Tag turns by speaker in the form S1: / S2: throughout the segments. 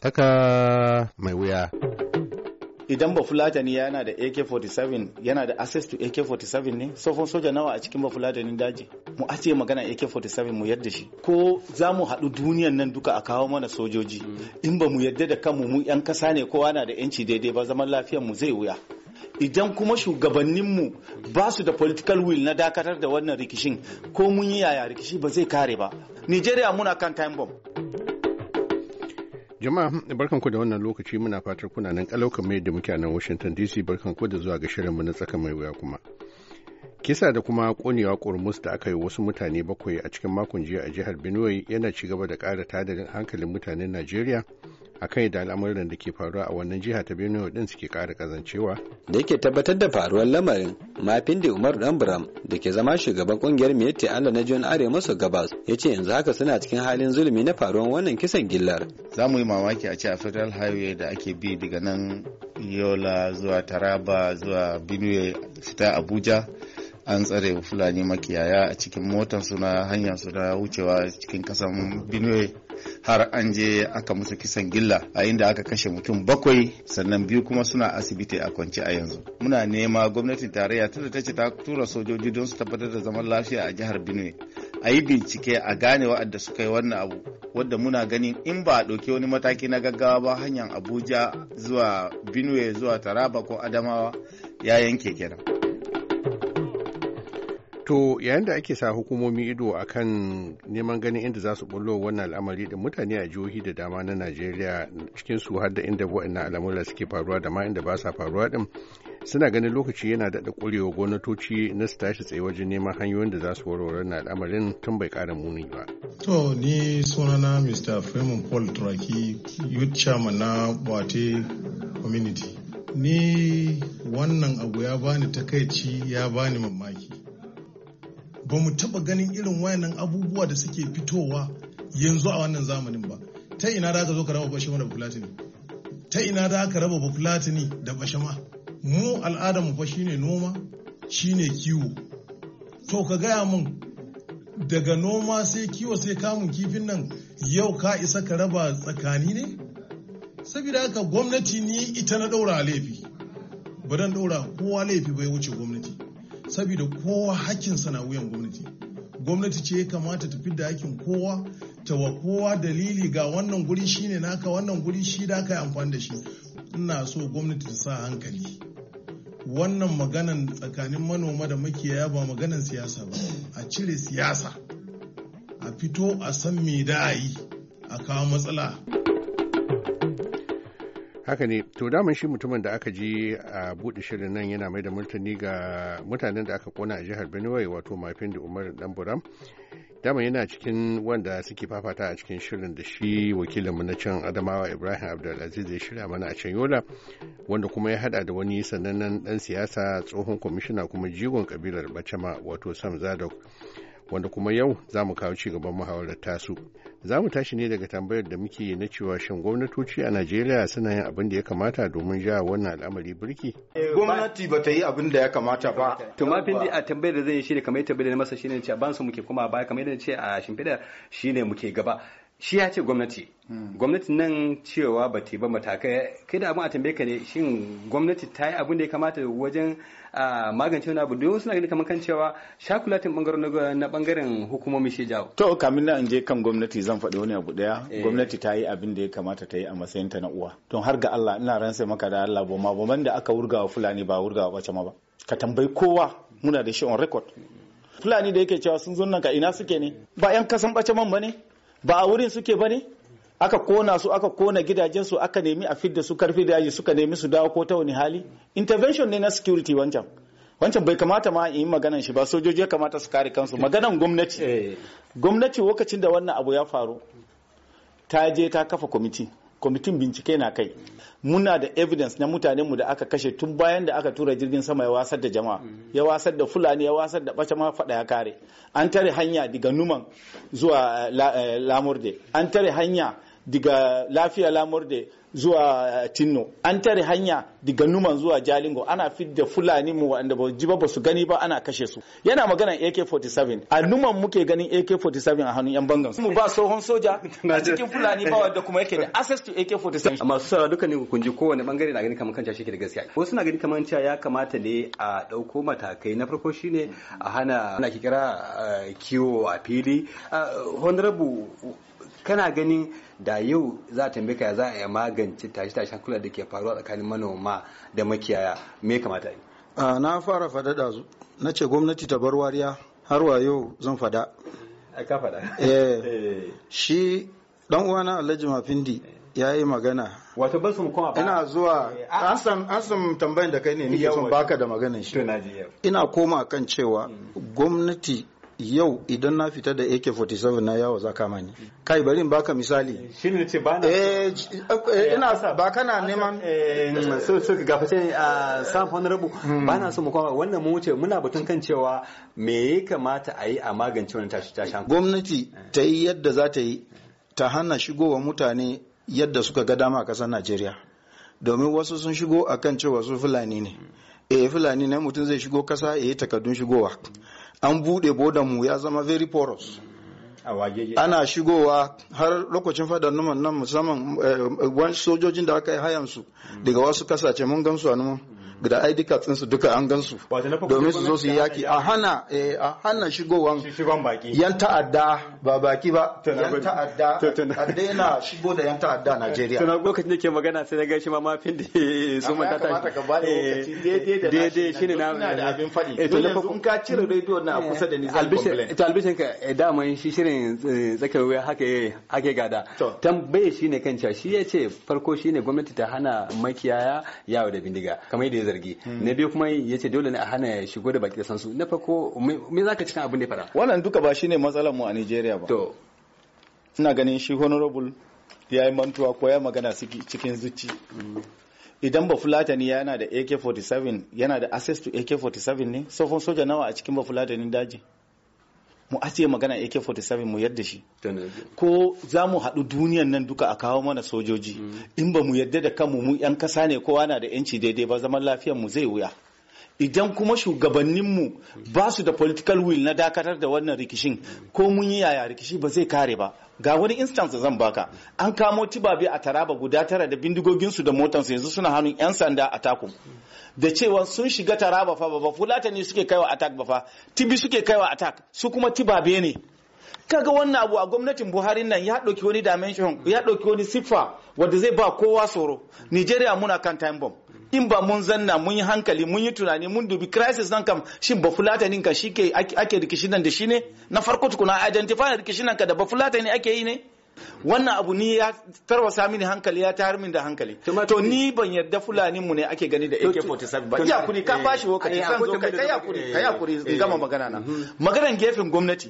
S1: tsaka mai wuya.
S2: Idan bafulatani yana da AK-47 yana da access to AK-47 ne, Sofon soja nawa a cikin bafulatani daji. Mu ace magana AK-47 mu yadda shi. Ko za mu haɗu duniyan nan duka a kawo mana sojoji. Mm. In ba mu yadda da kanmu mu 'yan ƙasa ne kowa na da 'yanci daidai ba zaman lafiyar mu zai wuya. idan kuma shugabanninmu ba su da political will na dakatar da wannan rikishin ko mun yi yaya rikishi ba zai kare ba Nijeriya muna kan time bomb
S1: Jama'a barkanku da wannan lokaci muna fatar kuna nan kalaukan mai da muke a nan Washington DC barkanku da zuwa ga shirinmu na tsaka mai wuya kuma. Kisa da kuma konewa kurmus da aka yi wasu mutane bakwai a cikin makon jiya a jihar Benue yana ci gaba da ƙara tadadin hankalin mutanen Najeriya a kan da al'amuran da ke faruwa a wannan jiha ta Benue din suke kara kazancewa.
S3: Da yake tabbatar da
S4: faruwar lamarin, mafin da Umar Danburam da ke zama shugaban kungiyar miyatti Allah na John arewa maso gabas ya ce yanzu haka suna cikin halin zulumi na faruwar wannan kisan gillar.
S2: Za mu yi mamaki a ce a Federal Highway da ake bi daga nan Yola zuwa Taraba zuwa Benue fita Abuja an tsare fulani makiyaya a cikin motar suna hanyar su na wucewa cikin kasan benue har an je aka musu kisan gilla a inda aka kashe mutum bakwai sannan biyu kuma suna asibiti a kwance a yanzu muna nema gwamnatin tarayya tunda ta ce ta tura sojoji don su tabbatar da zaman lafiya a jihar benue a yi bincike a gane wa'adda suka yi wannan abu wadda muna ganin in ba a ɗauki wani mataki na gaggawa ba hanyar abuja zuwa benue zuwa taraba ko adamawa ya
S1: yanke kenan To yayin da ake sa hukumomi ido a kan neman ganin inda za su bullo wannan al'amari da mutane a jihohi da dama na Najeriya cikinsu su har da inda waɗannan al'amura suke faruwa da ma inda ba sa faruwa din suna ganin lokaci yana daɗa ƙurewa gwamnatoci na su tashi tsaye wajen neman hanyoyin da za su warware na al'amarin tun bai ƙara muni ba.
S5: To ni sunana Mr. Freeman Paul Turaki youth chairman na Bwate community. Ni wannan abu ya bani takaici ya bani mamaki. ba mu taɓa ganin irin wayannan abubuwa da suke fitowa yanzu a wannan zamanin ba ta ina da ka zo ka raba bashama da bafulatini ta ina da ka raba bafulatini da bashama mu al'adar mu fa shine noma shine kiwo to ka gaya mun daga noma sai kiwo sai kamun kifin nan yau ka isa ka raba tsakani ne saboda haka gwamnati ni ita na ɗaura laifi ba dan ɗaura kowa laifi bai wuce gwamnati saboda kowa hakin na wuyan gwamnati gwamnati ce ya kamata ta fidda hakkin kowa ta wa kowa dalili ga wannan guri shine naka wannan guri shi da ka yi amfani da shi ina so gwamnati ta sa hankali wannan maganan tsakanin manoma da makiyaya ba maganan siyasa ba a cire siyasa a fito a san me da a a kawo matsala.
S1: haka ne to daman shi mutumin da aka ji a buɗe shirin nan yana mai da martani ga mutanen da aka kona a jihar benue wato mafin da umar dan buram daman yana cikin wanda suke fafata a cikin shirin da shi wakilin mu na can adamawa ibrahim abdulaziz ya shirya mana a can yola wanda kuma ya hada da wani sanannen dan siyasa tsohon kwamishina kuma jigon kabilar bacama wato sam zadok wanda kuma yau za mu kawo ci gaban muhawarar tasu za mu tashi ne daga tambayar da muke na cewa shin gwamnatoci a najeriya suna yin abin da ya kamata domin ja wannan al'amari birki
S3: gwamnati ba ta yi
S4: abin da ya kamata ba to ma fi a tambayar da zan yi shi ne kamar yadda na masa shine ce ban su muke kuma baya kamar yadda ce a shimfiɗa shine muke gaba shi ya ce gwamnati hmm. gwamnati nan cewa ba ba matakai kai da abin a tambaye ka ne shin gwamnati ta yi abin da ya kamata wajen magance wani abu don suna gani kamar kan cewa shakulatin bangaren na bangaren hukumomi shi jawo
S2: to kamin na in je kan gwamnati zan faɗi wani abu daya eh. gwamnati ta yi abin da ya kamata ta yi a matsayin ta na uwa don har ga Allah ina ransa maka da Allah boma boman da aka wurgawa fulani ba wurgawa bace ma ba ka tambayi kowa muna da shi on record fulani da yake cewa sun zo nan ka ina suke ne ba yan kasan bace man ba ne ba a wurin suke ba ne aka kona su aka kona gidajensu aka nemi a fidda su karfi da yaji suka nemi su dawo ko ta wani hali intervention ne na security wancan wancan bai kamata ma in yi maganan shi ba sojoji ya kamata su kare kansu maganan gwamnati eh. gwamnati lokacin da wannan abu ya faru ta je ta kafa kwamiti kwamitin bincike na kai muna da evidence na mu da aka kashe tun bayan da aka tura jirgin sama ya wasar da jama'a mm-hmm. ya wasar da fulani ya wasar da bace ma fada ya kare an tare hanya daga numan zuwa eh, eh, lamurde an tare hanya daga lafiya lamurde zuwa eh, tinno an tare hanya daga numan zuwa jalingo ana fidda fulani mu wanda ba ji ba su gani ba ana kashe su yana magana AK47 a numan muke ganin AK47 a hannun yan bangan mu ba tsohon soja a cikin fulani ba wanda kuma yake da access to
S4: AK47 masu sara duka ne kun ji kowane bangare na gani kamar kan shi ke da gaskiya wasu suna gani kamar cewa ya kamata ne a dauko matakai na farko shine a hana ana kira eh, kiwo a fili eh, honorable kana ganin da yau za a tambaye ka za a magance tashi tashi kula da ke faruwa tsakanin manoma da makiyaya me kamata yi
S3: na fara fada da na ce gwamnati ta bar wariya har wa yau zan fada a ka fada eh. eh shi dan uwana Alhaji Mafindi ya yi magana wato ban su koma ba ina zuwa eh, asan asan tambayan da kai ne nake son baka da maganar shi ina koma kan cewa mm. gwamnati yau idan na fita da AK47 na yawo za kama ni kai bari in baka misali ne ce ba na eh, eh, eh ina sa ba kana neman eh, so so ga fice a san ah, honorable hmm. ba na
S4: so mu koma wannan mu wuce muna batun kan cewa me ya kamata a yi a magance wannan tashi tashan
S3: gwamnati ta yi yadda za ta yi ta hana shigowa mutane yadda suka ga dama a kasar Najeriya domin wasu sun shigo akan cewa su fulani ne eh fulani ne mutum zai shigo kasa ya yi takardun shigowa an buɗe bodan mu ya zama very porous ana shigowa har lokacin fadar numan nan musamman eh, eh, wani sojojin da aka yi hayansu daga wasu kasashe mun gamsu a numan da ai duka tsinsu duka an gansu domin su zo su yi yaki a hana a hana eh, shigowan yan ta'adda ba baki ba yan ta'adda a yana shigo da yan ta'adda Najeriya tana
S4: lokacin da ke magana sai na ga shi ma mafin da su mata ta daidai shine na da abin faɗi eh, to in
S2: ka cire rediyo na eh, kusa da ni zan complain
S4: to albishin ka daman shi shirin tsakar wuya haka gada tambaye shine kan cewa shi yace farko shine gwamnati ta hana makiyaya yawo da bindiga kamar yadda zargi hmm. na biyu kuma ya ce dole ne a hana shigo da baki da sansu na farko me ka cikin abin da ya fara
S2: wannan duka ba shine matsalar mu a Nigeria ba to ina ganin shi honorable ya yi mantuwa ko ya magana cikin zuci hmm. idan ba fulatani yana da AK47 yana da access to AK47 ne sofon soja nawa a cikin ba fulatani daji mu ajiye magana AK47 mu yadda shi ko za mu haɗu duniyan nan duka a kawo mana sojoji mm. in ba mu yadda da kanmu mu 'yan ƙasa ne kowa na da 'yanci daidai ba zaman lafiyan mu zai wuya idan kuma shugabanninmu ba su da political will na dakatar da wannan rikishin ko mun yi yaya rikishi ba zai kare ba ga wani instance zan baka an kamo tibabe a taraba guda tara da bindigoginsu da motansu yanzu suna hannun 'yan sanda a taku. da cewa sun shiga taraba fa ba fulatani suke kaiwa attack ba fa tibi suke kaiwa attack su kuma tibabe ne kaga wannan abu a gwamnatin buhari nan ya ɗauki wani dimension ya ɗauki wani siffa wanda zai ba kowa tsoro nigeria muna kan time bomb in ba mun zanna mun yi hankali mun yi tunani mun dubi crisis nan kam shin ba fulatani ka shike ake rikishi nan da shi ne na farko tukuna identify rikishi nan ka da ba fulatani ake yi ne wannan abu ni ya tarwasa mini hankali ya tayar min da hankali to ni ban yarda fulani mu ne ake gani da AK47 ba ya kuri ka eh, bashi lokaci san eh, zo kai ya kuri kai ya kuri gama magana na eh, mhm. maganan gefen gwamnati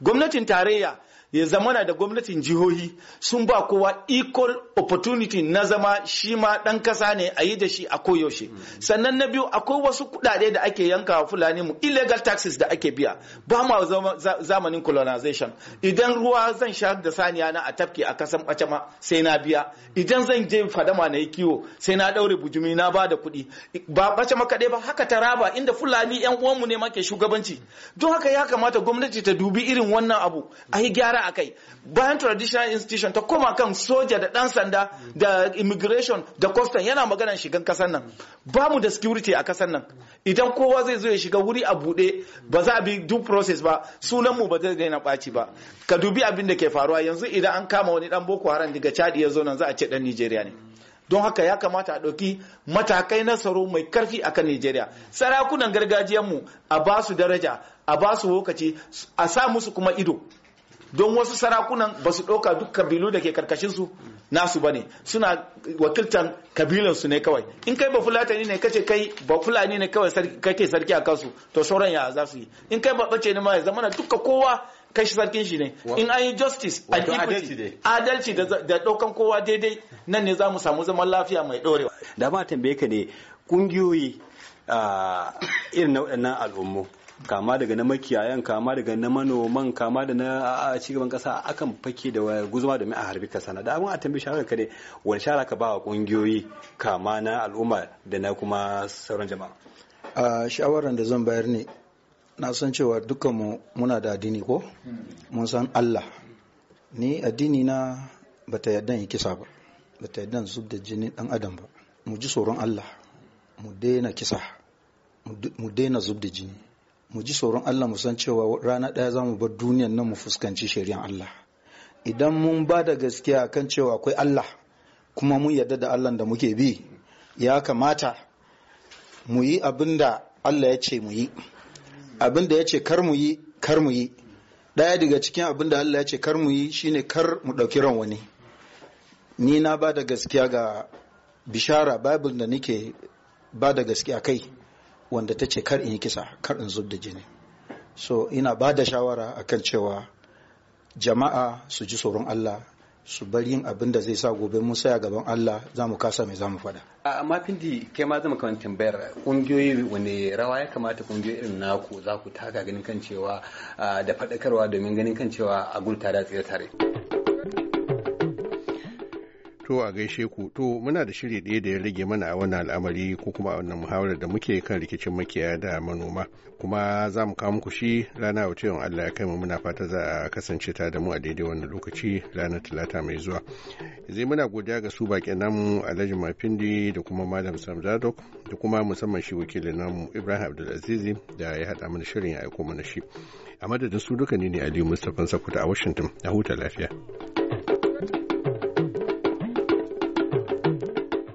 S2: gwamnatin tarayya ya zamana da gwamnatin jihohi sun ba kowa equal opportunity na zama shi ma ɗan kasa ne a yi da shi a koyaushe sannan na biyu akwai wasu kuɗaɗe da ake yanka fulani mu illegal taxes da ake biya ba ma zamanin colonization idan ruwa zan sha da saniya na a tafke a kasan ma sai na biya idan zan je fadama na yi kiwo sai na ɗaure bujumi na ba da kuɗi ba ɓacama kaɗai ba haka ta raba inda fulani yan uwanmu ne ma ke shugabanci don haka ya kamata gwamnati ta dubi irin wannan abu a yi gyara a kai bayan traditional institution ta koma kan soja da dan sanda da immigration da custom yana maganar shigan kasan nan ba mu da security a kasan nan idan kowa zai zo ya shiga wuri a bude ba za a bi duk process ba sunan mu ba zai daina baci ba ka dubi abin da ke faruwa yanzu idan an kama wani dan boko haram daga chadi ya zo nan za a ce dan nigeria ne don haka ya kamata a ɗauki matakai na tsaro mai karfi a kan Nijeriya. Sarakunan gargajiyanmu a basu daraja, a basu su lokaci, a sa musu kuma ido. don wasu sarakunan ba su ɗauka duk kabilu da ke karkashinsu nasu ba ne suna wakiltan kabilansu ne kawai in kai ba fulani ne kace kai ba fulani ne kawai kake sarki a kansu to sauran ya za su yi in kai ba ɓace ne ma ya zama na duka kowa kai shi sarkin shi ne in an yi justice and equity adalci da ɗaukan kowa daidai nan ne za mu samu zaman lafiya mai ɗorewa da ma tambaye ka ne ƙungiyoyi ah,
S4: irin na waɗannan al'ummu kama daga na makiyayan kama daga na manoman kama da na cigaban kasa akan fake da guzuma domin a harbi kasa na da abin a tambi shawarar ka ne wani shara ka ba wa kungiyoyi kama na al'umma da na kuma sauran jama'a
S3: a shawaran da zan bayar ne na san cewa dukkanmu muna da addini ko mun san Allah ni addini na bata yadda yi kisa ba bata yadda zub da jini dan adam ba mu ji tsoron Allah mu daina kisa mu daina zub da jini mu ji tsoron Allah mu san cewa rana ɗaya za mu bar duniyan nan mu fuskanci shari'an Allah idan mun ba da gaskiya kan cewa akwai Allah kuma mun yarda da Allah da muke bi ya kamata mu yi abin da Allah ya ce mu yi abin da ya ce kar mu yi kar mu yi ɗaya daga cikin abin da Allah ya ce kar mu yi shine kar mu ɗauki ran wani ni na ba da gaskiya ga bishara bible da nake ba da gaskiya kai wanda ta ce kar in yi kisa kar in zub da jini so ina ba da shawara akan cewa jama'a su ji tsoron Allah su bar yin abin da zai sa gobe mun saya gaban Allah za mu kasa mai za mu faɗa.
S4: amma findi kai ma zama kamar tambayar ƙungiyoyi wani rawa ya kamata ƙungiyoyi irin naku za ku taka ganin kan cewa da faɗakarwa domin ganin kan cewa a gulta da tsire tare.
S1: to a gaishe ku to muna da shiri ɗaya da ya rage mana a wannan al'amari ko kuma a wannan muhawarar da muke kan rikicin makiyaya da manoma kuma za mu kawo muku shi rana wuce yawan Allah ya kai mu muna fata za a kasance ta da mu a daidai wannan lokaci ranar talata mai zuwa zai muna godiya ga su baƙin namu Alhaji Mafindi da kuma Malam Sam Zadok da kuma musamman shi wakilin namu Ibrahim Abdulazizi da ya haɗa mana shirin ya aiko mana shi a madadin su duka ne ne Aliyu Mustapha Sakuta a Washington a huta lafiya.